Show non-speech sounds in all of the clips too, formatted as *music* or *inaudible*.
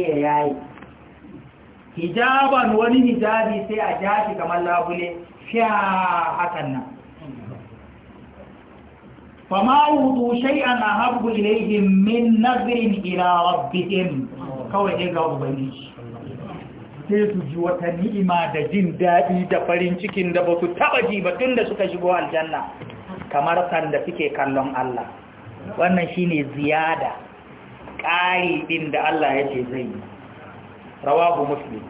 ya yayi hijaban wani hijabi sai a jashi kamar labule fiya hakan nan fama wudu shay'an ahabbu ilayhim min nazrin ila rabbihim kawai dai ga ubangiji sai su ji wata ni'ima da jin daɗi da farin cikin da ba su taɓa ji ba tun da suka shigo aljanna kamar sanda suke kallon Allah wannan shine ziyada ƙari ɗin da Allah ya ce zai yi rawahu muslim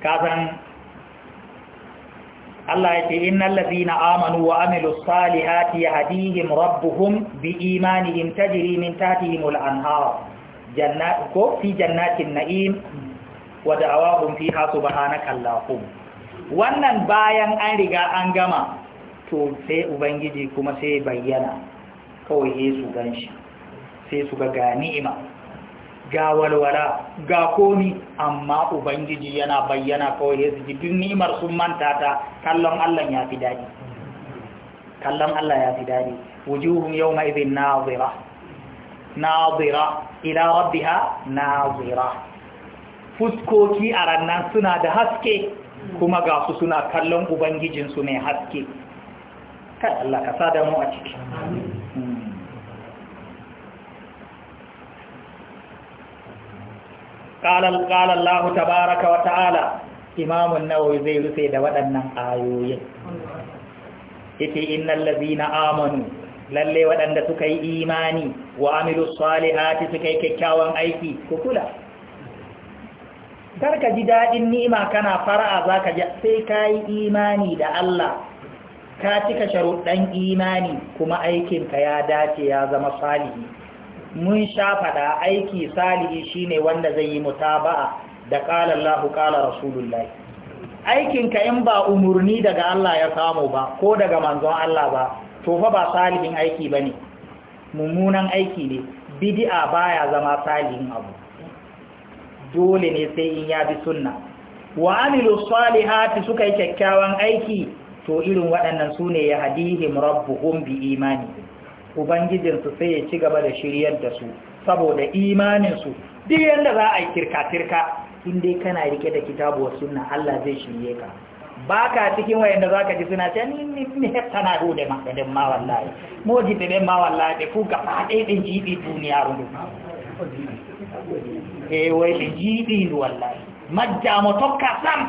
kasan Allah ya ce lafi na amanu wa amilus salihati imani rabbuhum ta jiri min tahtihimul anhar jannat ko fi jannatin na'im wa da'awahum fiha kalla allahum wannan bayan an riga an gama to sai ubangiji kuma sai bayyana kawai yesu ganshi sai suga ga ga ni'ima ga walwala gaa komi amma ubangiji yana bayyana kawai ya ji duk ni'imar sun kallon Allah yaafi fi kallon Allah ya fi dadi wujuhum yawma idhin nazira nazira ila rabbiha nazira fuskoki arannan sunaada suna haske kuma ga susunaa kallon ubangijinsu mai haske kai Allah ka sada ciki قال قال الله تبارك وتعالى إمام النووي زي رسي دا ودنن آيوين يتي إن الذين lalle waɗanda suka yi imani wa amilu salihati suka yi kyakkyawan aiki ku kula kar ka ji daɗin ni'ima kana fara'a za ka ji sai ka yi imani da Allah ka cika sharuɗan imani kuma aikinka ya dace ya zama salihi mun sha faɗa aiki salihi shine wanda zai yi mutaba'a da qala Allahu qala rasulullahi Aikinka in ba umurni daga Allah ya samu ba ko daga manzon Allah ba to fa ba salihin aiki bane mummunan aiki ne bid'a baya zama salihin abu dole ne sai in ya bi sunna wa amilu salihati suka yi kyakkyawan aiki to irin waɗannan sune ya hadihim rabbuhum bi imani ubangijinsu sai ya ci gaba da shiryar da su saboda imaninsu duk yadda za a yi kirka-kirka inda kana rike da kitabu wa sunna Allah zai shirye ka ba ka cikin wayanda za ka ji suna ce ni ni hefta na gode makadin ma wallahi moji da ɗin ma wallahi da ku gaba ɗaya ɗin jiɗi duniya rundu eh wai ɗin jiɗi wallahi majja tokka sam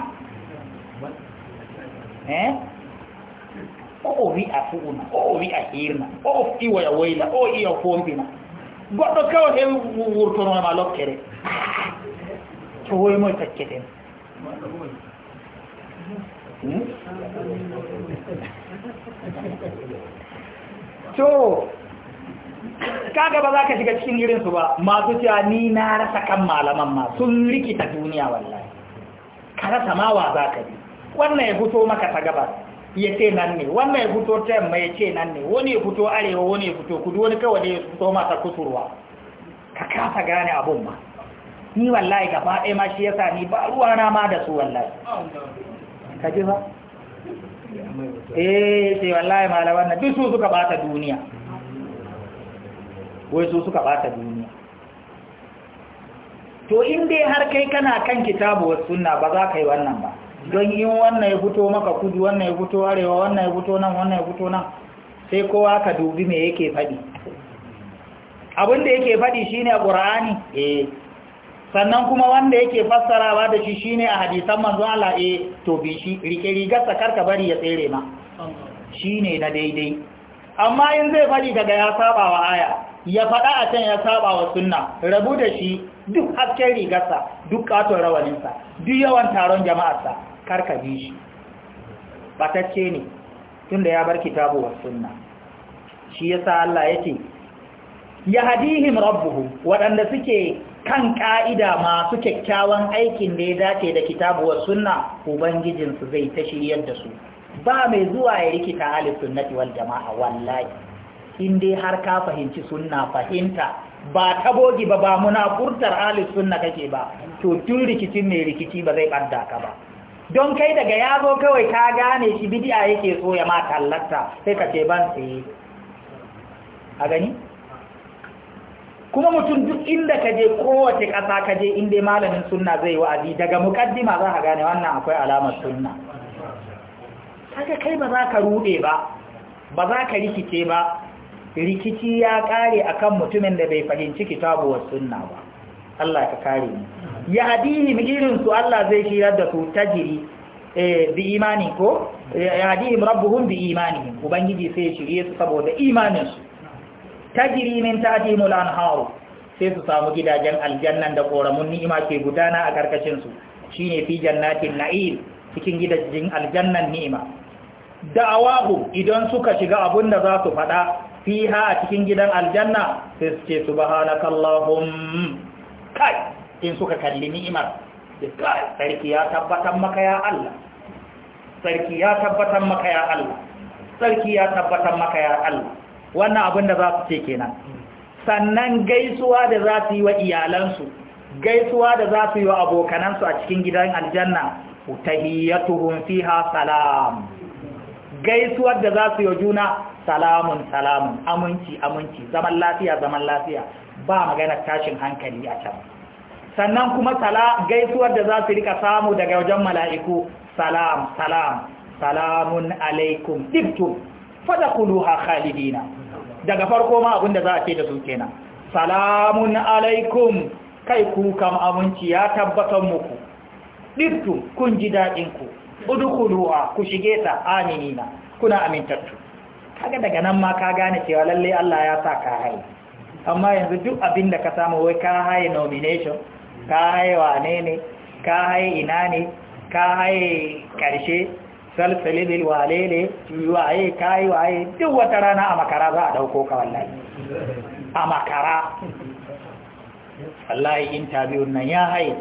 eh o wi a fuuna o wi a hirna o iwoya woyla o iya fompina goɗɗo kawo he wurtonoma lokkere to woymoye takketen hmm? to kaga ba za ka shiga cikin irinsu ba masu cewa ni na rasa kan malaman ma sun rikita duniya wallahi ka rasa ma wa za ka bi wannan ya fito maka ta gabas ya ce nan ne wannan ya fito ta yamma ya ce nan ne wani ya fito arewa wani ya fito kudu wani kawai ya fito masa kusurwa ka kasa gane abun ma ni wallahi gaba ɗaya ma shi yasa ni ba ruwa na ma da su wallahi ka ji ba eh sai wallahi malaman nan duk su suka bata duniya wai su suka bata duniya to in dai har kai kana kan kitabu wasu suna ba za ka yi wannan ba don in wannan ya fito maka kudu wannan ya fito arewa wannan ya fito nan wannan ya fito nan sai kowa ka dubi me yake faɗi abinda yake faɗi shine a eh sannan kuma wanda yake fassara ba da shi shine a hadisan manzo Allah eh to bi shi rike rigarsa ka bari ya tsere ma ne na daidai amma in zai faɗi daga ya saba wa aya ya faɗa a can ya saba wa sunna rabu da shi duk hasken rigarsa duk katon rawaninsa duk yawan taron jama'arsa karka bi shi batacce ne tunda ya bar kitabu wa sunna shi yasa Allah yake yahdihim rabbuhum wadanda suke kan ka'ida masu kyakkyawan aikin da ya dace da kitabu wa sunna ubangijinsu zai ta shiryar da su ba mai zuwa ya rikita ahli sunnati wal jama'a wallahi in dai har ka fahimci sunna fahimta ba ta bogi ba ba munafurtar ahli sunna kake ba to tun rikicin mai rikici ba zai ɓadda ka ba don kai daga yazo kawai ka gane shi bidiya yake so ya ma tallata sai ka ce ban tsaye a gani kuma mutum duk inda ka je kowace ƙasa ka je inda malamin sunna zai wa'azi daga mukaddima za ka gane wannan akwai alamar sunna kaga kai ba za ka rude ba ba za ka rikice ba rikici ya kare akan mutumin da bai fahimci kitabu wa sunna ba Allah ka kare mu ya hadihim irin Allah zai shirar da su tajiri eh, bi imani ko ya hadihim rabbuhum bi imani ubangiji sai shirye su saboda imanin su tajiri min tahimul anharu sai su samu gidajen aljannan da koramun ni'ima ke gudana a karkashin su shine fi jannatin na'im cikin gidajen aljannan ni'ima da'awahu idan suka shiga abun da za su faɗa fiha a cikin gidan aljanna sai su ce subhanakallahum kai in suka kalli ni'imar sarki ya tabbatar maka ya Allah sarki ya tabbatar maka ya Allah sarki ya tabbatar maka ya Allah wannan abin da za su ce kenan sannan gaisuwa da za su yi wa iyalansu gaisuwa da za su yi wa abokanansu a cikin gidan aljanna tahiyyatuhum fiha salam gaisuwar da za su yi juna salamun salamun aminci aminci zaman lafiya zaman lafiya ba magana tashin hankali a can sannan kuma sala gaisuwar da za su rika samu daga wajen mala'iku salam salam salamun alaikum tibtum fadkhuluha khalidina daga farko ma abinda za a ce da su kenan salamun alaikum kai ku aminci ya tabbatar muku tibtum kun ji dadin ku udkhuluha ku shige ta aminina kuna amintattu kaga daga nan ma ka gane cewa lallai Allah ya sa ka amma yanzu duk abinda ka samu wai ka haye nomination ka haye wane ne ka haye ina ne ka haye ƙarshe salsalibil wale ne waye ka yi waye duk wata rana a makara za a ɗauko ka wallahi a makara wallahi interview nan ya haye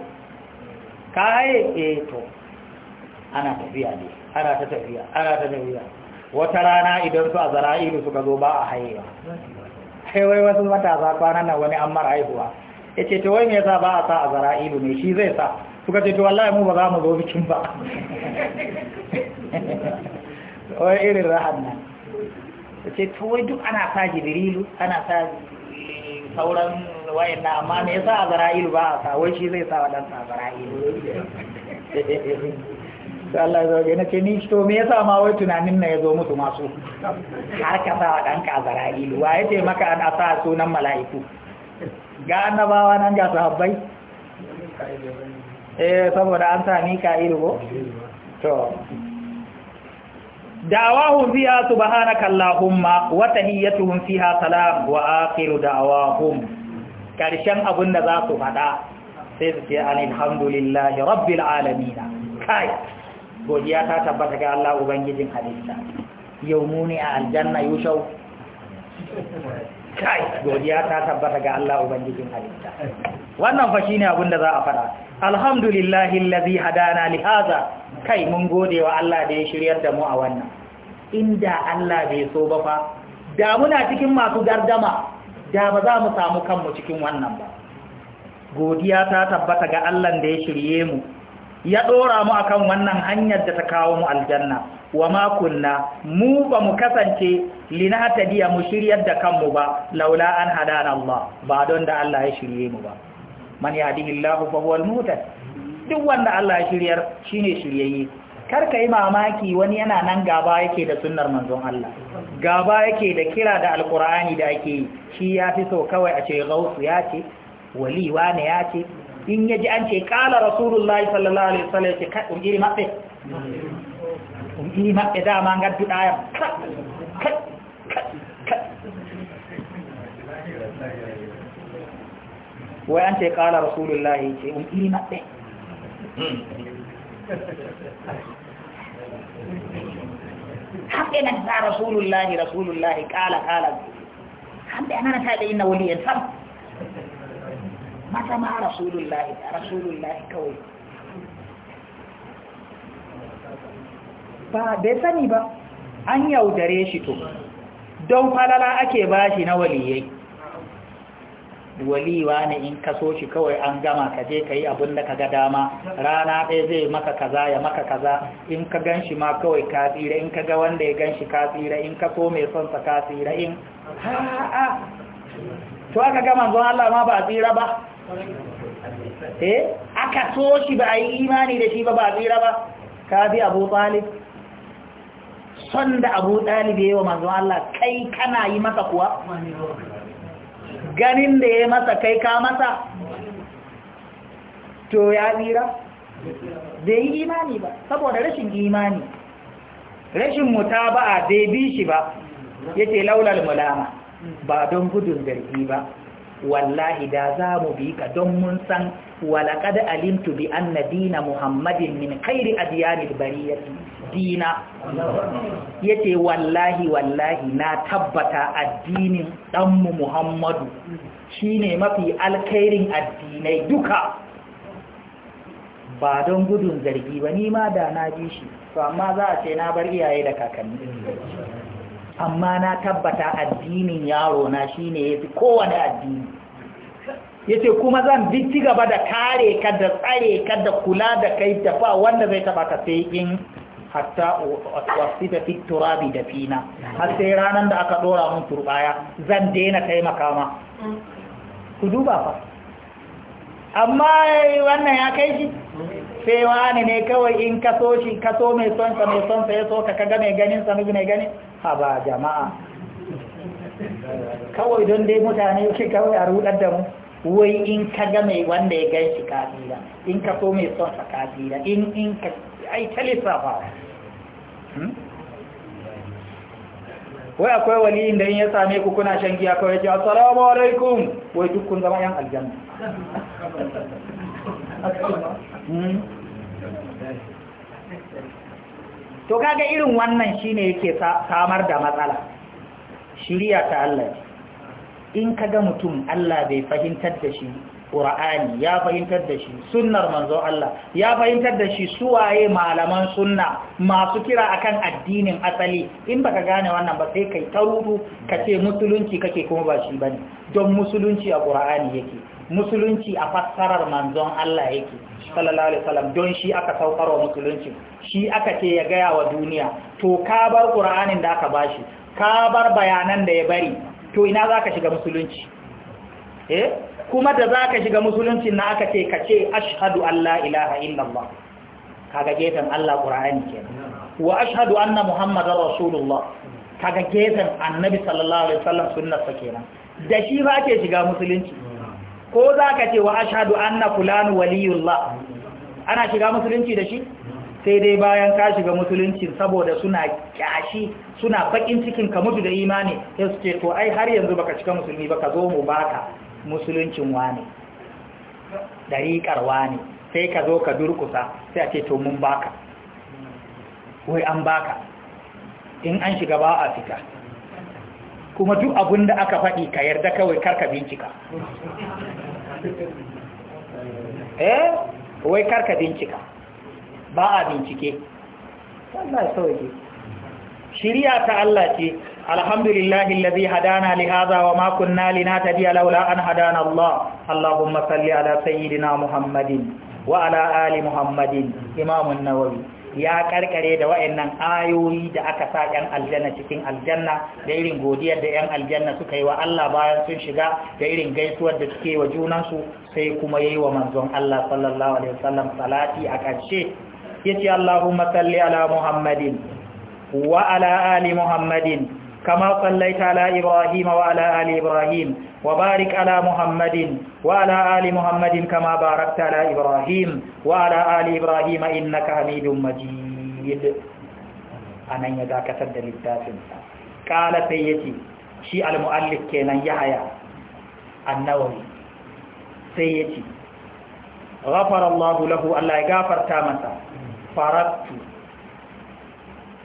ka haye eh to ana tafiya ne ana ta tafiya ana ta tafiya wata rana idan su a zara'ilu suka zo ba a hayewa sai wai wasu matasa kwanan nan wani an mara haihuwa ya ce to wai me yasa ba a sa a zara'ilu ne shi zai sa suka ce to wallahi mu ba za mu zo bikin ba *laughs* wai irin rahan nan ya ce to wai duk ana sa jibrilu ana sa sauran wayan na amma me yasa a zara'ilu ba a sa wai shi zai sa waɗansa a zara'ilu *laughs* sai Allah ya zo na ce ni to me yasa ma wai tunanin na ya zo musu masu har ka sa wa ɗanka a zara'ilu wa ya ce maka an asa sunan mala'iku ga annabawa nan ga sahabbai eh saboda an sa mika'ilu ko to da'awahu fiha subhanaka allahumma wa tahiyyatuhum fiha salam wa akhiru da'awahum karshen abinda za su fada sai su ce alhamdulillahi rabbil alamin kai godiya ta tabbata ga Allah ubangijin halitta yau mu ne a aljanna yushau kai godiya ta tabbata ga Allah ubangijin halitta wannan fa shine abin da za a fada alhamdulillahi allazi hadana li hada kai mun gode wa Allah da ya shiryar da mu a wannan inda Allah bai so ba fa da muna cikin masu gardama da ba za mu samu kanmu cikin wannan ba godiya ta tabbata ga Allah da ya shirye mu ya dora mu akan wannan hanyar da ta kawo mu aljanna wa ma mu ba mu kasance diya mu shiryar da kanmu ba laula an hadana Allah ba don da Allah ya shirye mu ba man yahdihillahu fa muhtad duk wanda Allah ya shiryar shine shiryayye kar ka yi mamaki wani yana nan gaba yake da sunnar manzon Allah gaba yake da kira da Alqur'ani da ake shi ya fi so kawai a ce gausu ya ce wali wane ya ce in yaji an ce kala rasulullahi sallallahu alaihi wasallam ce ka ujiri matsayi ji maɓɓe dama ngaddu ɗayam wai an ce ƙala rasulullahi ce un iri maɓɓe hamɓe nan na rasulullahi rasulullahi ƙala ƙala hamɓe anana taɗe inna waliyan sam mata ma rasulullahi rasulullahi kawai ba bai sani ba an yaudare shi to don falala ake bashi na waliyai waliwa ne in ka shi kawai an gama ka je ka yi abin da ka ga dama rana ɗaya zai maka kaza ya maka kaza in ka gan shi ma kawai ka tsira in ka ga wanda ya gan shi ka tsira in ka so mai sonsa ka tsira in ha'a to aka gama zuwa Allah ma ba a tsira ba eh aka so shi ba a yi imani da shi ba ba a tsira ba ka bi abu talib son da abu ɗalibi yi wa manzon Allah kai kana yi masa kuwa ganin da ya masa kai ka masa to ya tsira da yi imani ba saboda rashin imani rashin muta ba a bi shi ba ya ce laular mulama ba don gudun zargi ba wallahi da za mu bi ka don mun san walaƙad alimtu bi anna dina muhammadin min khairi adiyanil bariyati dina yace wallahi wallahi na tabbata addinin ɗanmu muhammadu shine mafi alkhairin addinai duka ba don gudun zargi ba ni ma da na ji shi to amma za a ce na bar iyaye da kakanni amma na tabbata addinin yaro na shine yafi kowane addini yace kuma zan bi ci gaba da kare ka da tsare ka da kula da kai da fa wanda zai taba ka sai in hatta wasita fi turabi da fina har sai ranan da aka dora mun turbaya zan daina taimakama. makama ku duba fa amma wannan ya kai shi sai wani ne kawai in kaso shi kaso mai sonsa mai sonsa ya so ka kaga mai ganin sa mai ganin ha ba jama'a kawai don dai mutane shi kawai a rudar da mu wai in kaga mai wanda ya gan shi kafira in kaso mai sonsa kafira in in ka ai ta lissafa hmm? wai akwai waliyin da in ya same ku kuna shan giya kawai ce assalamu alaikum wai duk zama yan aljanna hmm. to kaga irin wannan shine yake samar da matsala shiriya ta Allah in kaga mutum Allah bai fahimtar da shi ƙura'ani ya fahimtar da shi sunnar manzo Allah ya fahimtar da shi suwaye malaman sunna masu kira akan addinin asali in baka gane wannan ba sai kai ta rudu ka ce musulunci kake kuma ba shi bane don musulunci a ƙura'ani yake musulunci a fassarar manzon Allah yake sallallahu alaihi wasallam don shi aka saukarwa musulunci shi aka ce ya gaya wa duniya to ka bar ƙura'anin da aka bashi ka bar bayanan da ya bari to ina zaka shiga musulunci eh kuma da zaka shiga musulunci na aka ce kace ashhadu an la ilaha illallah kaga gefen Allah Qur'ani kenan wa ashhadu anna muhammadar rasulullah kaga gefen annabi sallallahu alaihi wasallam sunnar sa kenan da shi ba ake shiga musulunci ko zaka ce wa ashhadu anna fulanu waliyullah ana shiga musulunci da shi sai dai bayan ka shiga musulunci saboda suna kyashi suna bakin cikin ka mutu da imani sai su ce to ai har yanzu baka shiga musulmi ba ka zo mu baka musuluncin wane dariƙar wane sai ka zo ka durkusa sai a ce to mun baka wai an baka in an shiga ba a fita kuma duk abin da aka faɗi ka yarda kawai karka bincika *laughs* eh wai karka bincika ba a bincike wannan sauke shiriya ta Allah ce alhamdulillahi allazi hadana li hadha wa ma kunna linatadiya laula an hadana Allah Allahumma salli ala sayyidina Muhammadin wa ala ali Muhammadin imamun nawawi ya karkare da wayannan ayoyi da aka sa yan aljanna cikin aljanna da irin godiyar da yan aljanna suka yi wa Allah bayan sun shiga da irin gaisuwar da suke wa junansu sai kuma yayi wa manzon Allah sallallahu alaihi wasallam salati a ƙarshe yace Allahumma salli ala Muhammadin وعلى آل محمد كما صليت على إبراهيم وعلى آل إبراهيم وبارك على محمد وعلى آل محمد كما باركت على إبراهيم وعلى آل إبراهيم إنك حميد مجيد أنا يذاك تدل قال سيتي شيء المؤلف كان يحيى النووي سيتي غفر الله له الله يغفر تامسا فرقت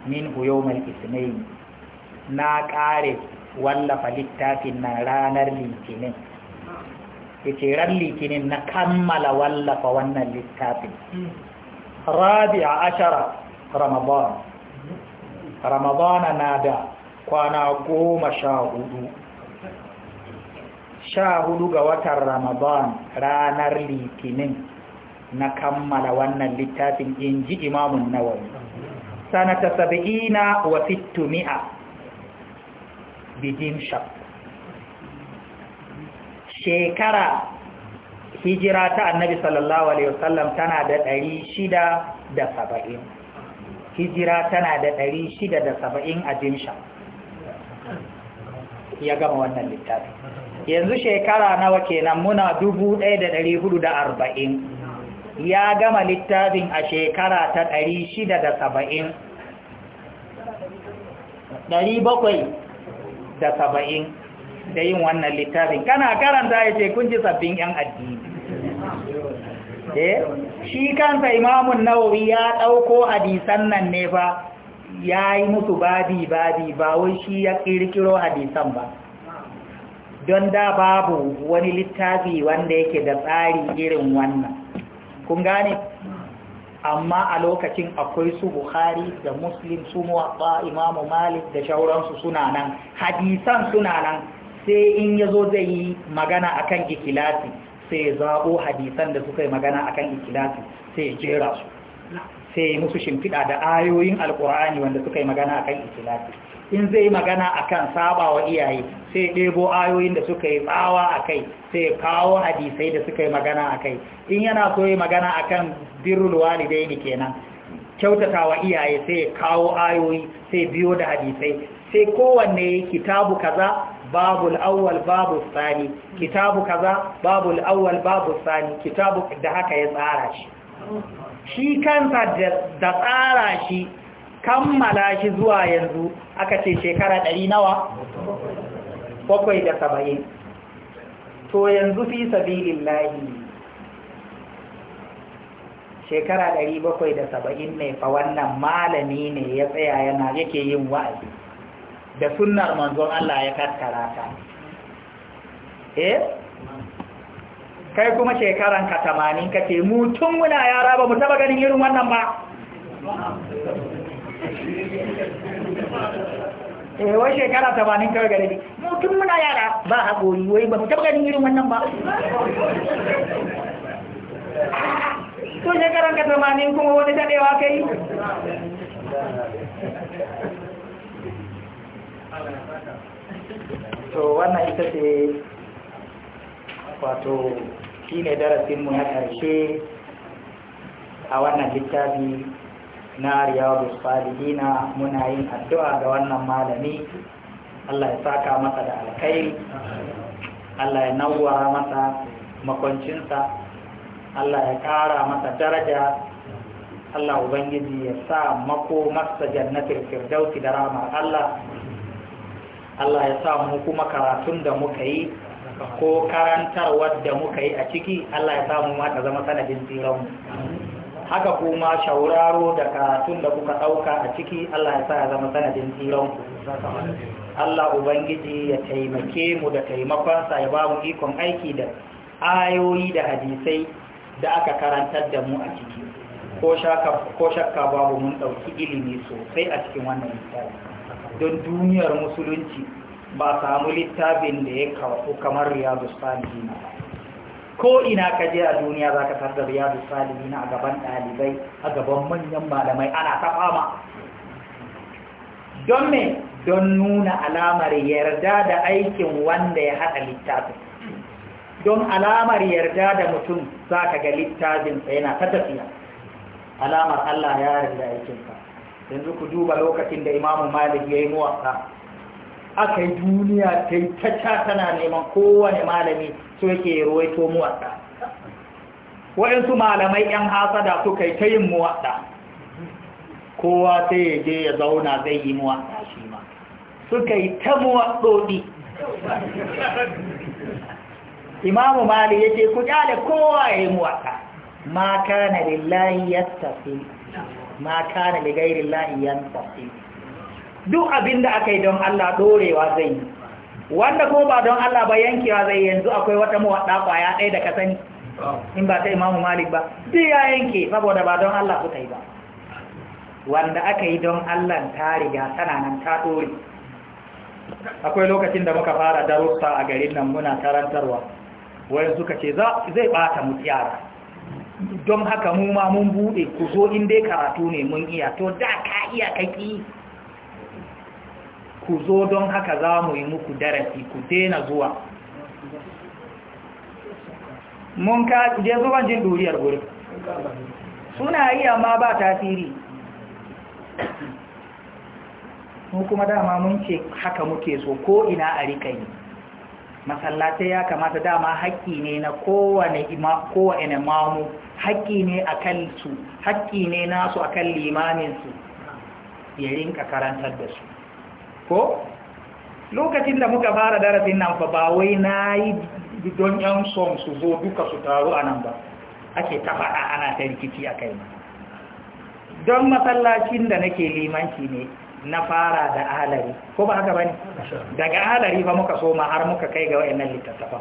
minhu yawmal isnin na kare wallafa littafin na ranar litinin yace ran litinin na kammala wallafa wannan littafin rabi'a ashara ramadan ramadan na da kwana goma sha hudu sha hudu ga watan ramadan ranar litinin na kammala wannan littafin Inji ji imamun nawawi sanata saba'ina wa fitumi'a, bijim shaf shekara hijira ta annabi sallallahu alaihi wasallam tana da ɗari shida da saba'in hijira tana da ɗari shida da saba'in a jimsha ya gama wannan littafi yanzu shekara nawa kenan muna dubu ɗaya da ɗari hudu da arba'in ya gama littafin a shekara ta ɗari shida da saba'in ɗari bakwai da saba'in da yin wannan littafin kana karanta ya ce kun ji sabbin 'yan addini eh, shi kansa imamun nawawi ya ɗauko hadisan nan ne ba ya yi musu babi babi ba wai shi ya ƙirƙiro hadisan ba don da babu wani littafi wanda yake da tsari irin wannan kun gane amma a lokacin akwai su bukhari da muslim su Muwatta imamu malik da shauransu suna nan hadisan suna nan sai in yazo zai yi magana akan ikhlasi sai ya zaɓo hadisan da suka yi magana akan ikhlasi sai jera su sai musu shimfiɗa da ayoyin alkurani wanda suka yi magana akan ikhlasi in zai yi magana akan saba wa iyaye sai ɗebo ayoyin da suka yi tsawa a kai sai kawo hadisai da suka yi magana a kai in yana so yi magana akan kan da ne kenan kyautata wa iyaye sai kawo ayoyi sai biyo da hadisai sai kowanne kitabu kaza babu al'awwal babu tsani. kitabu kaza babu al'awwal babu tsani. kitabu da haka ya tsara shi shi kansa da tsara shi kammala shi zuwa yanzu aka ce shekara ɗari nawa bakwai da saba'in to yanzu fi sabilin lahi shekara ɗari bakwai da saba'in ne fa wannan malami ne ya tsaya yana yake yin wa'azi da sunnar manzon Allah ya kaskara ta eh kai kuma shekaran ka tamanin ka mu tun muna yara ba mu taba ganin irin wannan ba eh wai shekara tamanin kawai gare ni mutum muna yara ba a haƙori wai ba mu taɓa ganin irin wannan ba to shekaran ka tamanin kuma wani daɗewa ka yi to wannan ita ce wato shi ne darasinmu na ƙarshe a wannan littafi na riyadu salihina muna yin addu'a ga wannan malami Allah ya saka masa da alkhairi Allah ya nawwara masa makoncinsa Allah ya kara masa daraja Allah Ubangiji ya sa mako masa jannatin firdausi da rahmar Allah Allah ya sa mu kuma karatun da muka yi ko karantar da muka yi a ciki Allah ya sa mu mata zama sanadin tsiranmu haka kuma shauraro da karatun da kuka ɗauka a ciki Allah ya sa ya zama sanadin tsiranku Allah Ubangiji ya taimake mu da taimakonsa ya ba mu ikon aiki da ayoyi da hadisai da aka karantar da mu a ciki ko shakka babu mun ɗauki ilimi sosai a cikin wannan littafi don duniyar musulunci ba samu littafin da ya kawo kamar riyadu salihina ba ko ina ka je a duniya za ka tarda riyadu salihin a gaban ɗalibai a gaban manyan malamai ana ta fama don me don nuna alamar yarda da aikin wanda ya haɗa littafin don alamar yarda da mutum za ka ga littafinsa yana ta tafiya alamar Allah ya yarda aikinka yanzu ku duba lokacin da imamu malik ya yi aka yi duniya ta yi ta tana neman kowane malami su yake to muwaɗa waɗansu malamai 'yan hasada suka yi ta yin muwaɗa kowa sai yi je ya zauna zai yi muwaɗa shi ma suka yi ta muwaɗoɗi imamu mali ce ku ƙyale kowa ya yi muwaɗa ma kana lillahi yastafi ma kana ligairin lahi tafi duk abin da aka yi don Allah dorewa zai yi wanda ko ba don Allah ba yankewa zai yanzu akwai wata mawaɗa ƙwaya ɗaya da ka sani in ba ta imamu malik ba duk ya yanke saboda ba don Allah ta yi ba wanda aka yi don Allah ta riga tana nan ta dore akwai lokacin da muka fara darussa a garin nan muna tarantarwa wayan suka ce zai bata mu yara don haka mu ma mun bude ku zo in dai karatu ne mun iya to da ka iya kaki ku zo don haka za mu yi muku darasi ku daina zuwa mun ka je zuwan jin duriyar gurin suna yi amma ba tasiri mun kuma dama mun ce haka muke so ko ina a rika yi masallatai ya kamata dama haƙƙi ne na kowane mamu haƙƙi ne a kan su haƙƙi ne nasu a kan limaninsu ya rinka karantar da su ko lokacin da muka fara darasin nan fa ba wai na yi don yan son su zo duka su taru a nan ba ake ta faɗa ana ta rikici a kai don masallacin da nake limanci ne na fara da alari ko ba haka bane daga alari ba muka soma har muka kai ga wayannan littattafa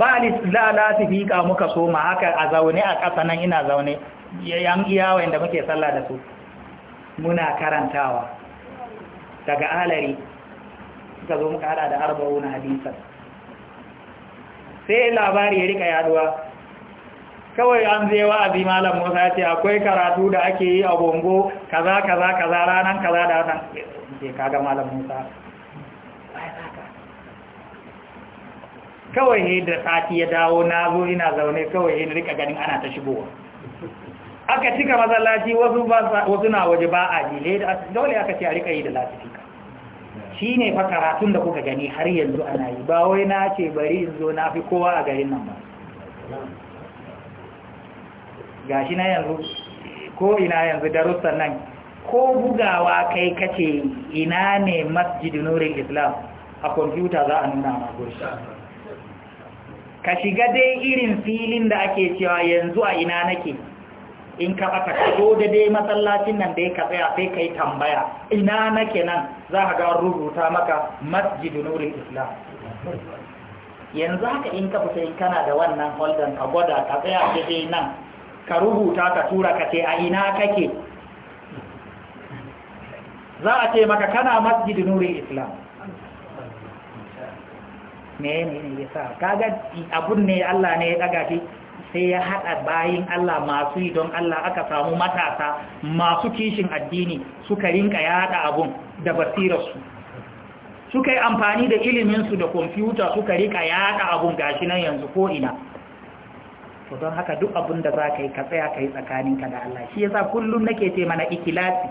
ba la la sifika muka soma haka a zaune a kasa nan ina zaune yan iyawa da muke sallah da su muna karantawa daga alari suka zo muka hada da Arba'u na hadisan sai labari ya rika yaduwa kawai an zai wa'azi malam Musa ya ce akwai karatu da ake yi a bongo kaza kaza kaza ranar kaza da wannan ke kaga malam Musa kawai ne da sati ya dawo na zo ina zaune kawai ne rika ganin ana ta shigowa aka cika masallaci wasu na waje ba a jile da dole aka ce a rika yi da latifika shi fa karatun da kuka gani har yanzu ana yi ba wai na ce bari in zo na fi kowa a garin nan ba ga na yanzu ko ina yanzu darussan nan ko bugawa kai kace ina ne masjid nurin islam a kwamfuta za a nuna ma ka shiga dai irin filin da ake cewa yanzu a ina nake in ka aka kaso da dai masallacin nan dai ka tsaya sai ka yi tambaya ina nake nan za ka ga rubuta maka masjidu nurin islam yanzu haka in ka fita in kana da wannan holden ka gwada ka tsaya dai nan ka rubuta ka tura ka ce a ina kake za a ce maka kana masjidu nurin islam ne ne ya sa kaga abun ne Allah ne ya daga shi sai ya haɗa bayin Allah masu yi don Allah aka samu matasa masu kishin addini suka rinka yaɗa abun da basirarsu suka yi amfani da iliminsu da kwamfuta suka rika yaɗa abun gashi nan yanzu ko ina to don haka duk abun da za ka yi ka tsaya ka yi tsakaninka da Allah shi yasa kullum nake ce mana ikilasi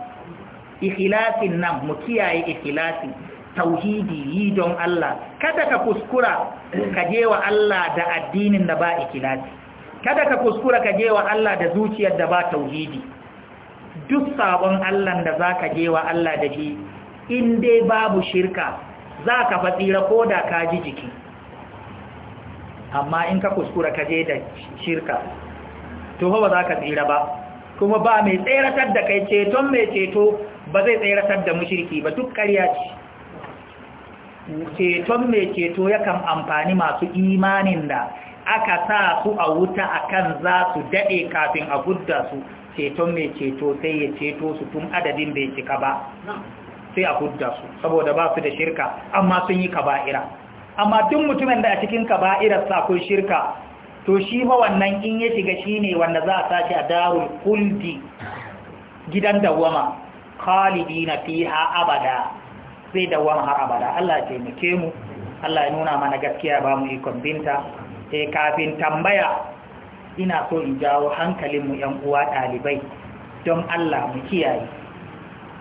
ikilasin nan mu kiyaye ikilasi tauhidi yi don Allah kada ka kuskura ka je wa Allah da addinin da ba ikilasi kada ka kuskura ka je wa Allah da zuciyar da ba tauhidi duk sabon Allah da za ka je wa Allah da shi in dai babu shirka za ka fatsira ko da ka ji jiki amma in ka kuskura ka je da shirka to ba za ka tsira ba kuma ba mai tseratar da kai ceton mai ceto ba zai tseratar da mushirki ba duk ƙarya ce ceton mai ceto yakan amfani masu imanin da aka sa su a wuta akan za su daɗe kafin a gudda su ceton mai ceto sai ya ceto su tun adadin bai cika ba sai a gudda su saboda ba su da shirka amma sun yi kaba'ira amma tun mutumin da a cikin kaba'irar sa akwai shirka to shi ma wannan in ya shiga shi ne wanda za a sashi a darul kuldi gidan dawama khalidi na fiha abada sai dawama har abada Allah ya taimake mu Allah ya nuna mana gaskiya ba mu ikon binta eh kafin tambaya ina so in jawo hankalinmu ‘yan uwa ɗalibai don Allah mu kiyaye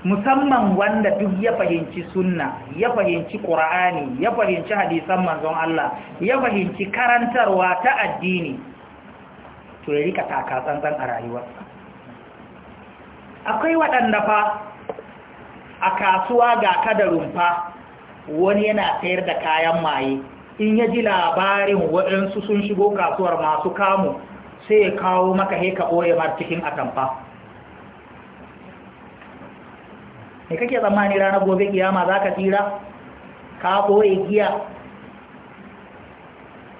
musamman wanda duk ya fahimci sunna ya fahimci ƙura'ani ya fahimci hadisan manzon Allah ya fahimci karantarwa ta addini to ya rika takatsantsan a rayuwarsa akwai waɗanda fa a kasuwa ga kada rumfa wani yana sayar da kayan maye in ya ji labarin waɗansu sun shigo kasuwar masu kamu sai ya kawo maka heka ɓoye mar cikin atamfa Me kake tsammani ranar gobe kiyama za ka tsira ka ɓoye giya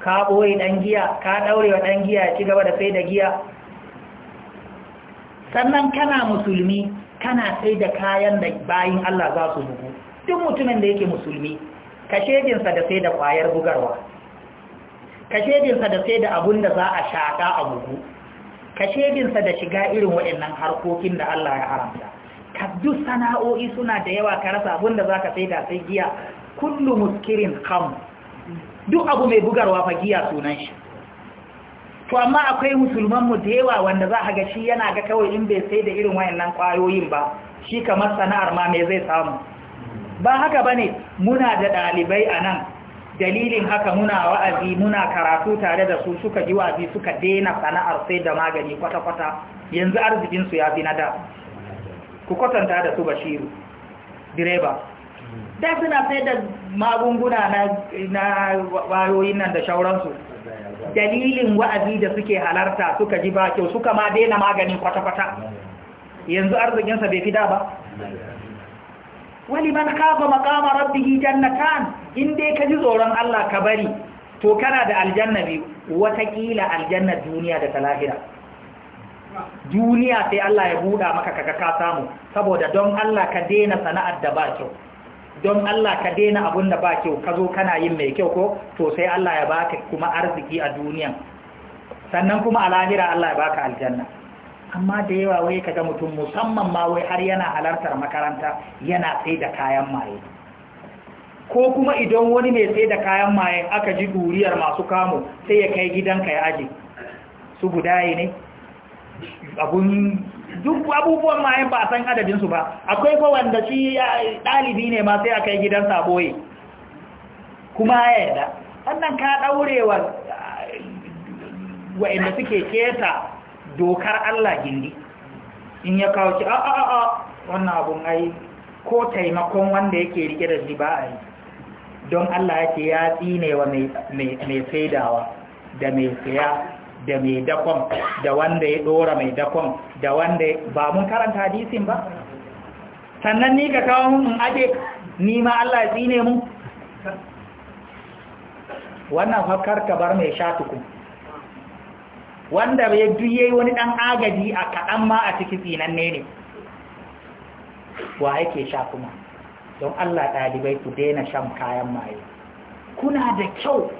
ka ɓoye ɗan giya ka ɗaure wa ɗan giya ci gaba da sai da giya sannan kana musulmi kana sai da kayan da bayin Allah za su bugu duk mutumin da yake musulmi kashejinsa da sai da ƙwayar bugarwa kashejinsa da sai da abun da za a shaƙa a bugu kashejinsa da shiga irin waɗannan harkokin da Allah ya haramta kaddu sana'o'i suna da yawa ka rasa abun da za sai da sai giya kullu muskirin kam duk abu mai bugarwa fa giya sunan shi to amma akwai musulman mu da yawa wanda za a ga shi yana ga kawai in bai sai da irin wayannan kwayoyin ba shi kamar sana'ar ma me zai samu ba haka ba ne muna da ɗalibai a nan dalilin haka muna wa'azi muna karatu tare da su suka ji wa'azi suka daina sana'ar sai da magani kwata-kwata yanzu arzikinsu ya fi na da ku kwatanta da su bashiru direba da suna sai da magunguna na wayoyin nan da shauransu dalilin wa'azi da suke halarta suka ji ba kyau suka ma daina maganin kwata-kwata yanzu arzikinsa bai fi da ba wani man kafa makama rabbihi jannatan in dai ka ji tsoron Allah ka bari to kana da aljanna bi, watakila aljanna duniya da talahira duniya sai Allah ya buɗa maka kaka ka samu saboda don Allah ka daina sana'ar da ba kyau don Allah ka daina abun da ba kyau ka zo kana yin mai kyau ko to sai Allah ya baka kuma arziki a duniya sannan kuma a lahira Allah ya baka aljanna amma da yawa wai ka ga mutum musamman ma wai har yana halartar makaranta yana sai da kayan maye ko kuma idan wani mai sai da kayan maye aka ji duriyar masu kamo sai ya kai gidanka ya aji? su gudaye ne abun duk abubuwan mayan ba a san adadinsu ba akwai fa wanda shi ɗalibi ne ma sai a kai gidansa boye kuma ya yada wannan ka ɗaurewa wa'inda suke keta dokar Allah gindi in ya kawo ki a a a wannan abun ai ko taimakon wanda yake rike da shi ai yi don Allah yake ya tsine wa mai faidawa da mai saya da mai dakon da wanda ya dora mai dakon da wanda ba mun karanta hadisin ba sannan ni ka kawo mun in aje ni ma Allah ya tsine mu wannan fakkar ka bar mai sha tukun wanda ya juye wani ɗan agaji a kaɗan ma a cikin tsinanne ne wa yake sha kuma don Allah ɗalibai ku daina shan kayan maye kuna da kyau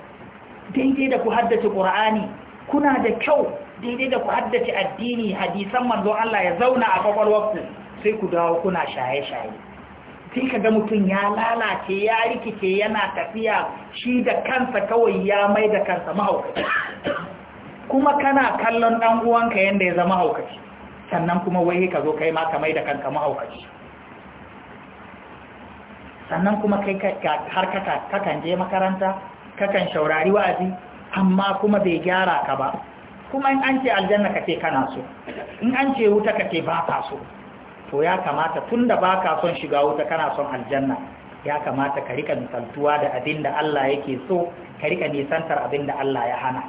daidai da ku haddace ƙur'ani kuna da kyau daidai da ku haddace addini hadisan manzon Allah ya zauna a kwakwalwarku sai ku dawo kuna shaye-shaye sai ka ga mutum ya lalace ya rikice yana tafiya shi da kansa kawai ya mai da kansa mahaukaci kuma kana kallon ɗan uwanka yadda ya zama haukaci sannan kuma wai ka zo kai ma ka mai da kanka mahaukaci sannan kuma kai har kakan je makaranta kakan shaurari wa'azi amma kuma bai gyara ka ba kuma in an ce aljanna ka ce kana so in an ce wuta ka ce ba ka so to ya kamata tun da ba ka son shiga wuta kana son aljanna ya kamata ka rika misaltuwa da abin da Allah yake so ka rika nisantar abin da Allah ya hana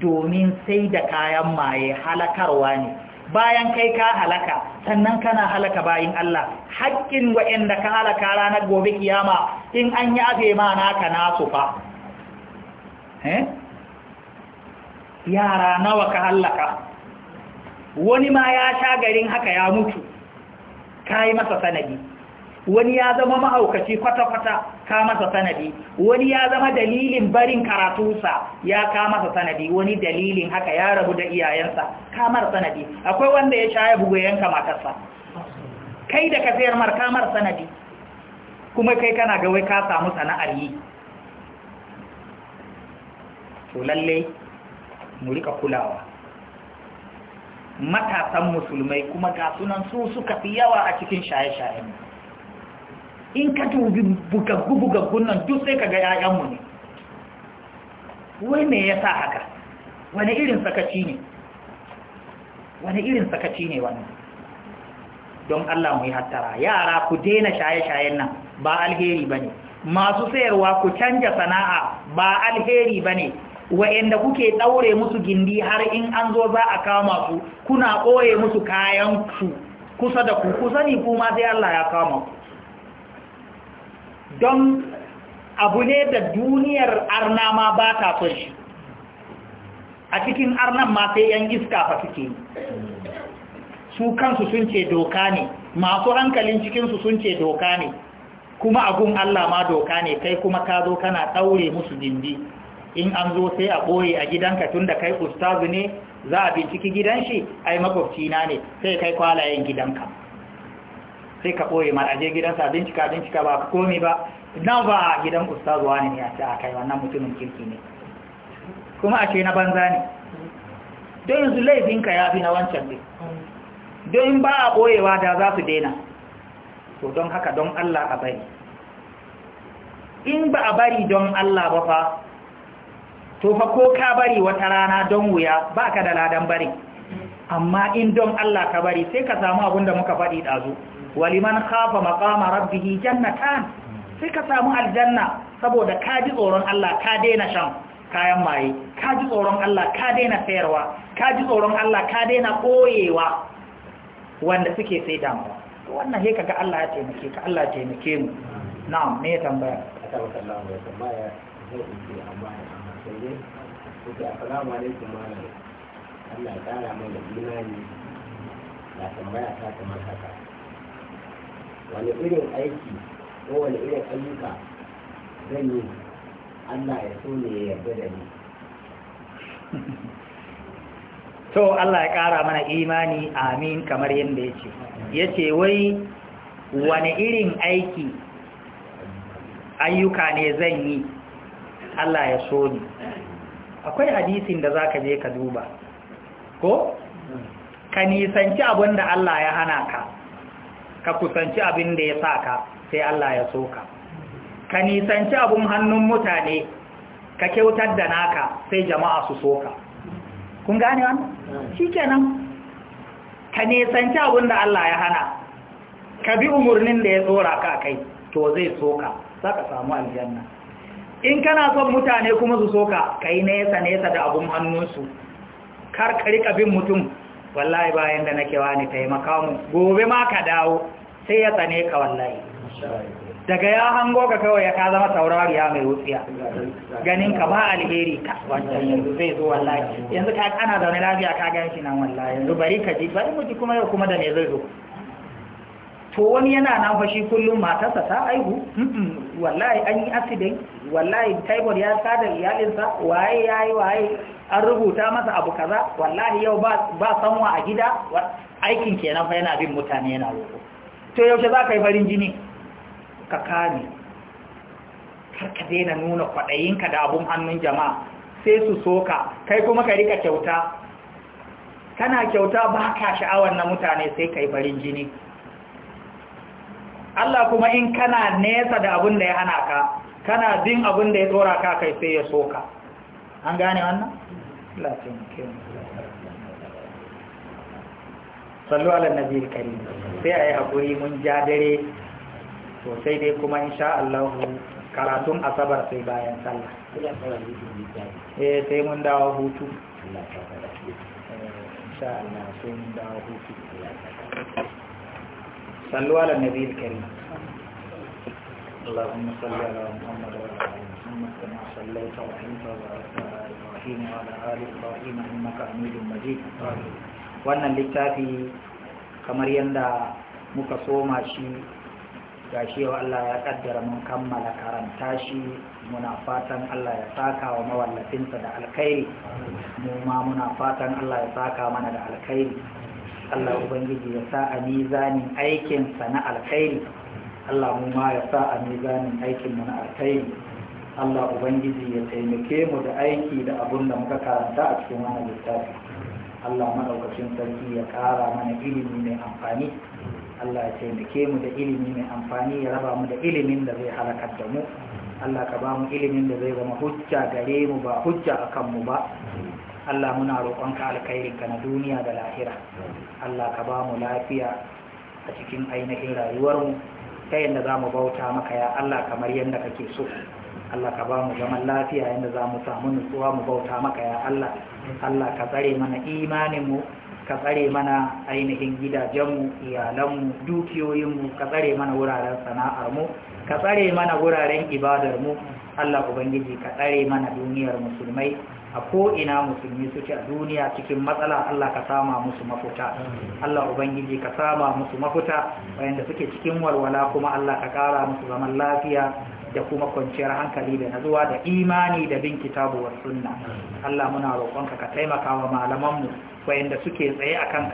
domin sai da kayan maye halakarwa ne bayan kai ka halaka sannan kana halaka bayin Allah haƙƙin wa'inda ka halaka ranar gobe kiyama in an yi abe ma naka nasu fa eh? yara nawa ka halaka wani ma ya sha garin haka ya mutu ka yi masa sanadi wani ya zama ma'aukaci kwata-kwata ka masa sanadi wani ya zama dalilin barin karatunsa ya ka masa sanadi wani dalilin haka ya rabu da iyayensa mar sanadi akwai wanda ya shaya bugoyenka matarsa kai da ka sayar mar kamar sanadi kuma kai kana ga wai ka samu sana'ar yi to lalle mu rika kulawa matasan musulmai kuma ga sunan su suka fi yawa a cikin shaye-shayen in ka dubi bugaggu-bugaggun nan duk sai ka ga ‘ya'yanmu ne wai me ya haka wani irin sakaci ne wani irin sakaci ne wani don Allah mu yi hattara yara ku daina shaye-shayen nan ba alheri ba ne masu sayarwa ku canja sana'a ba alheri ba ne wa'yanda kuke ɗaure musu gindi har in an zo za a kama su kuna ɓoye musu kayan ku kusa da ku kusa ne kuma sai Allah ya kama ku don abu ne da duniyar arna ma ba ta shi a cikin arnan ma sai yan iska fa suke su kansu sun ce doka ne masu hankalin cikinsu sun ce doka ne kuma abun Allah ma doka ne kai kuma ka zo kana daure musu dindi in an zo sai a ɓoye a gidanka tunda kai ustazu ne za a binciki gidan shi ai makwabci na ne sai kai kwalayen gidanka sai ka ɓoye mara aje gidansa bincika bincika ba komi ba na ba gidan ustazu wani ne a ce a kai wannan mutumin kirki ne kuma a ce na banza ne don yanzu laifinka ya fi na wancan ne don in ba a ɓoyewa da za su daina to don haka don Allah a bari in ba a bari don Allah ba fa to fa ko ka bari wata rana don wuya ba ka da ladan bari amma in don Allah ka bari sai ka samu abinda muka faɗi ɗazu waliman khafa maqama rabbih jannatan sai ka samu aljanna saboda ka ji tsoron Allah ka daina shan kayan maye ka ji tsoron Allah ka daina sayarwa ka ji tsoron Allah ka daina koyewa wanda suke sai damuwa to wannan he kaga Allah ya taimake ka Allah ya taimake mu na'am me tambaya Allah ya tambaya zai yi amma sai dai kuke assalamu alaikum malam Allah ya kara mana imani na tambaya ta kamar haka wani irin aiki ko wani irin ayyuka zan yi Allah ya so ne ya yarda da ni *laughs* to Allah ya ƙara mana imani amin kamar yadda ya ce ya ce wai wani irin aiki ayyuka ne zan yi Allah ya so ni akwai hadisin da za ka je ka duba ko ka nisanci abinda Allah ya hana ka ka kusanci abin da ya sa ka sai Allah ya so ka ka nisanci abin hannun mutane ka kyautar da naka sai jama'a su so ka kun gane wannan hmm. shikenan ka nisanci abin da Allah ya hana ka bi umarnin da ya tsora ka kai to zai so ka za ka samu aljanna in kana son mutane kuma su so ka yi nesa nesa da abin hannunsu kar ka rika bin mutum wallahi bayan da nake wani taimaka mu gobe ma ka dawo sai ya tsane ka wallahi daga ya hango ka kawai ya ka zama ya mai wutsiya ganin ka ba alheri ka wancan yanzu zai zo wallahi yanzu ka ana zaune lafiya ka gan shi nan wallahi yanzu bari ka ji bari mu ji kuma yau kuma da me zai zo to wani yana nan fa shi kullum matarsa ta aihu wallahi an yi accident wallahi taibor ya sada iyalinsa waye yayi waye an rubuta masa abu kaza wallahi yau ba sanwa a gida aikin kenan fa yana bin mutane yana roƙo to yaushe za ka yi farin jini ka kame karka daina nuna kwaɗayinka da abun hannun jama'a sai su soka kai kuma ka rika kyauta kana kyauta ba ka sha'awar na mutane sai ka yi farin jini Allah kuma in kana nesa da abin da ya hana ka kana bin abin da ya tsora ka kai sai ya soka an gane wannan لا تمكن sallu ala nabi karim sai a yi haƙuri mun ja dare to dai kuma in sha Allah karatun asabar sai bayan sallah sai mun dawo hutu insha Allah sai mun dawo hutu sallu ala nabi karim اللهم اللهم كما صليت ورحمت وباركت على وعلى آل إبراهيم إنك حميد مجيد wannan littafi kamar yadda muka soma shi ga cewa Allah ya kaddara mun kammala karanta shi muna fatan Allah ya saka wa mawallafinsa da alkhairi mu ma muna fatan Allah ya saka mana da alkhairi Allah ubangiji ya sa a mizanin aikinsa na alkhairi Allah mu ma ya sa a mizanin aikin mu na alkhairi Allah Ubangiji ya taimake mu da aiki da abun da muka karanta a cikin wannan littafi Allah maɗaukacin sarki ya ƙara mana ilimi mai amfani Allah ya taimake mu da ilimi mai amfani ya raba mu da ilimin da zai halakar da mu Allah ka ba mu ilimin da zai zama hujja gare mu ba hujja a mu ba Allah muna roƙonka ka na duniya da lahira Allah ka ba mu lafiya a cikin ainihin rayuwarmu ta yadda za mu bauta maka ya Allah kamar yadda kake so Allah ka ba mu zaman lafiya yadda za mu samu nutsuwa mu bauta maka ya Allah Allah ka tsare mana imaninmu ka tsare mana ainihin gidajenmu iyalanmu dukiyoyinmu ka tsare mana wuraren sana'armu ka tsare mana wuraren ibadarmu Allah Ubangiji ka tsare mana duniyar musulmai a ko'ina musulmi suke a duniya cikin matsala Allah ka sama musu mafuta Allah Ubangiji ka sama musu mafuta wayanda suke cikin walwala kuma Allah ka kara musu zaman lafiya da kuma kwanciyar hankali da nazuwa da imani da bin kitabu wa sunna Allah muna roƙonka ka taimaka wa malamanmu wayanda suke tsaye akan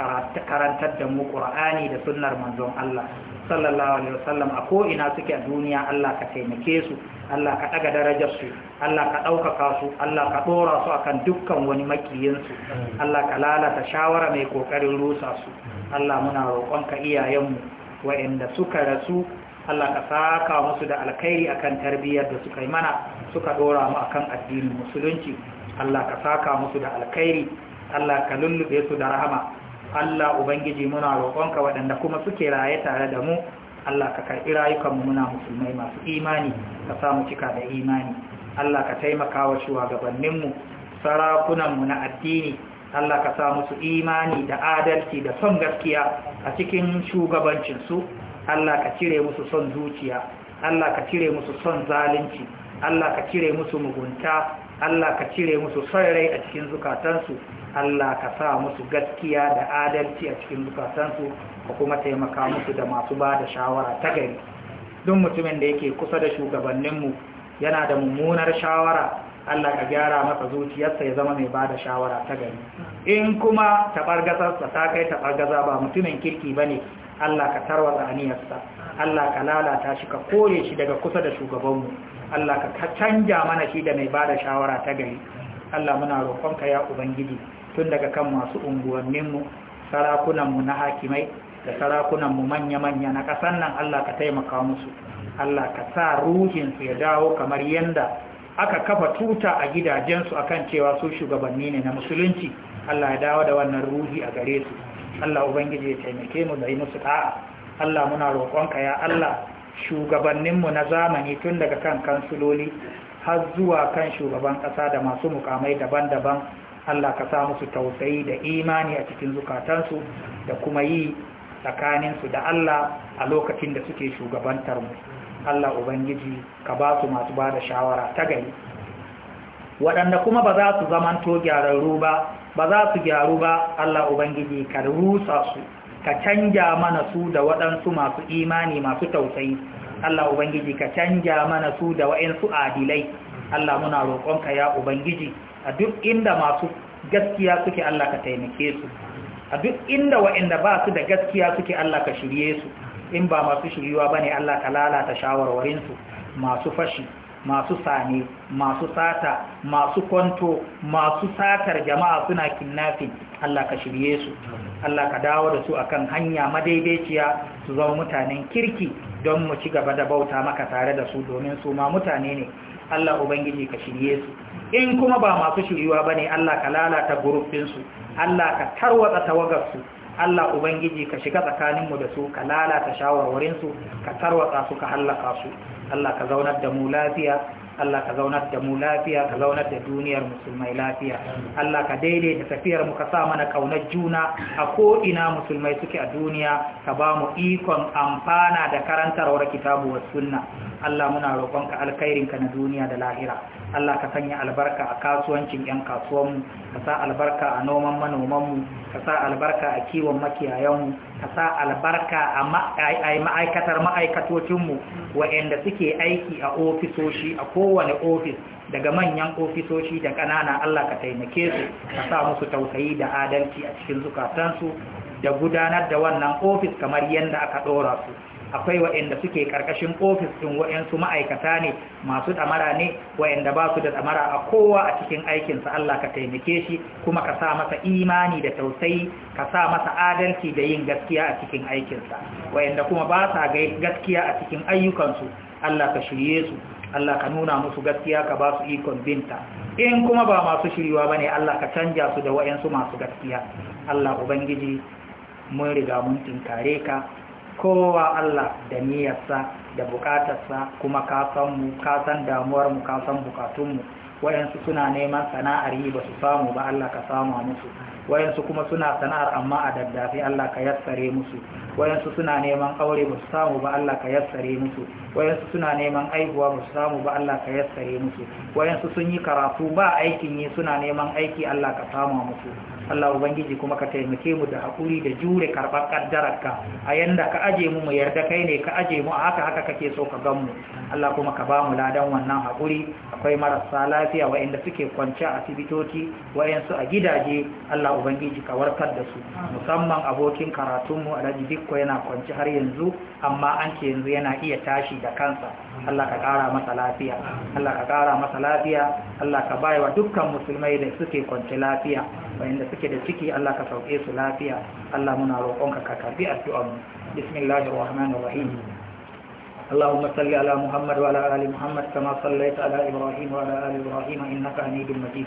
karantar da mu Qur'ani da sunnar manzon Allah sallallahu alaihi wasallam a ko ina suke a duniya Allah ka taimake su Allah ka daga darajar su Allah ka ɗaukaka su Allah ka ɗora su akan dukkan wani makiyin su Allah ka lalata shawara mai kokarin rusa su Allah muna roƙonka iyayenmu wayanda suka rasu Allah ka saka musu da alkhairi akan tarbiyyar da suka yi mana suka dora mu akan addinin musulunci Allah ka saka musu da alkhairi Allah ka lullube su da rahama Allah ubangiji muna roƙonka waɗanda kuma suke raye tare da mu Allah ka karɓi rayukanmu muna musulmai masu imani ka sa mu cika da imani Allah ka taimaka wa shugabanninmu sarakunanmu na addini Allah ka sa musu imani da adalci da son gaskiya a cikin shugabancinsu Allah ka cire musu son zuciya Allah ka cire musu son zalunci Allah ka cire musu mugunta Allah ka cire musu son rai a cikin zukatansu Allah ka sa musu gaskiya da adalci a cikin zukatansu ka kuma taimaka musu da masu ba da shawara ta gari duk mutumin da yake kusa da shugabanninmu yana da mummunar shawara Allah ka gyara masa zuciyarsa ya zama mai bada shawara ta gari in kuma tabargazarsa ta kai gaza ba mutumin kirki ba ne. Allah ka tarwata aniyarsa Allah ka lalata shi ka kore shi daga kusa da shugabanmu Allah ka canja mana shi da mai bada shawara ta gari Allah muna roƙonka ya ubangiji tun daga kan masu unguwanninmu sarakunanmu na hakimai da sarakunanmu manya-manya na ƙasa, nan Allah ka taimaka musu Allah ka sa ruhinsu ya dawo kamar yanda aka kafa tuta a gidajensu a kan cewa su shugabanni ne na musulunci Allah ya dawo da wannan ruhi a gare su Allah ubangiji ya taimake mu da yi musu ta'a Allah muna roƙonka ya Allah shugabanninmu na zamani tun daga kan kansuloli har zuwa kan shugaban ƙasa da masu mukamai daban-daban Allah ka sa musu tausayi da imani a cikin zukatansu da kuma yi tsakaninsu da Allah a lokacin da suke shugabantar mu Allah ubangiji ka ba su masu ba da shawara ta gari waɗanda kuma ba za su zamanto gyararru ba ba za su gyaru ba Allah ubangiji ka rusa su ka canja mana su da waɗansu masu imani masu tausayi Allah ubangiji ka canja mana su da waɗansu adilai Allah muna roƙonka ya ubangiji a duk inda masu gaskiya suke Allah ka taimake su a duk inda wa'inda ba su da gaskiya suke Allah ka shirye su in ba masu shiryuwa ba ne Allah ka lalata shawarwarinsu masu fashi masu sani, masu sata masu kwanto masu satar jama'a suna kinnafin Allah ka shirye su Allah ka dawo da su akan hanya madaidaiciya su zama mutanen kirki don mu ci gaba da bauta maka tare da su domin su ma mutane ne Allah ubangiji ka shirye su in kuma ba masu shiryuwa ne Allah ka lalata gurufinsu. Allah ka tarwatsa tawagarsu Allah ubangiji ka shiga tsakaninmu da su ka lalata shawarwarinsu ka tarwatsa su ka hallaka su Allah ka zaunar da mu lafiya Allah ka zaunar da mu lafiya ka zaunar da duniyar musulmai lafiya Allah ka daidaita tafiyar mu ka sa mana kaunar juna a ko ina musulmai suke a duniya ka ba mu ikon amfana da karantarwar kitabu was sunna Allah muna roƙonka alkhairinka na duniya da lahira Allah ka sanya albarka a kasuwancin 'yan kasuwanmu ka sa albarka a noman manomanmu ka sa albarka a kiwon makiyayanmu ka sa albarka a ma'aikatar ma'aikatocinmu wa'anda suke aiki a ofisoshi a kowane ofis daga manyan ofisoshi da ƙanana Allah ka taimake su ka sa musu tausayi da adalci a cikin zukatansu da gudanar da wannan ofis kamar yadda aka ɗora su akwai waɗanda suke ƙarƙashin ofis ɗin waɗansu ma'aikata ne masu ɗamara ne waɗanda ba su da ɗamara a kowa a cikin aikinsa Allah ka taimake shi kuma ka sa masa imani da tausayi ka sa masa adalci da yin gaskiya a cikin aikinsa waɗanda kuma ba sa gaskiya a cikin ayyukansu Allah ka shirye su Allah ka nuna musu gaskiya ka ba su ikon binta in kuma ba masu shiriwa ba ne Allah ka canja su da waɗansu masu gaskiya Allah Ubangiji mun riga mun tinkare ka kowa Allah da niyyarsa da bukatarsa kuma ka san mu ka san damuwar mu ka san bukatun mu wayansu suna neman sana'ar yi ba su samu ba Allah ka samu musu wayansu kuma suna sana'ar amma a daddafe Allah ka yassare musu wayansu suna neman aure ba su samu ba Allah ka yassare musu wayansu suna neman aihuwa ba su samu ba Allah ka yassare musu wayansu sun yi karatu ba aikin yi suna neman aiki Allah ka samu musu Allah ubangiji kuma ka taimake mu da hakuri da jure karɓar ka. a yanda ka aje mu mu yarda kai ne ka aje mu a haka haka kake so ka gan mu Allah kuma ka ba mu ladan wannan hakuri akwai marasa lafiya waɗanda suke kwance a asibitoci wayansu a gidaje Allah ubangiji ka warkar da su musamman abokin karatunmu alhaji dikko yana kwanci har yanzu amma an ce yanzu yana iya tashi da kansa Allah ka kara masa lafiya Allah ka kara masa lafiya Allah ka wa dukkan musulmai da suke kwanci lafiya wayanda suke da ciki Allah ka sauke su lafiya Allah muna roƙonka ka karbi addu'ar mu bismillahir rahmanir rahim اللهم صل على محمد وعلى آل محمد كما صليت على إبراهيم وعلى آل إبراهيم إنك حميد مجيد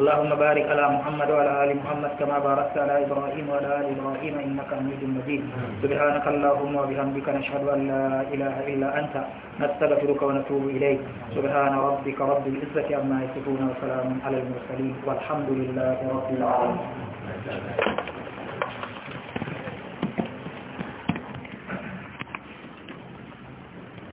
اللهم بارك على محمد وعلى آل محمد كما باركت على إبراهيم وعلى آل إبراهيم إنك حميد مجيد سبحانك اللهم وبحمدك نشهد أن لا إله إلا أنت نستغفرك ونتوب إليك سبحان ربك رب العزة عما يصفون وسلام على المرسلين والحمد لله رب العالمين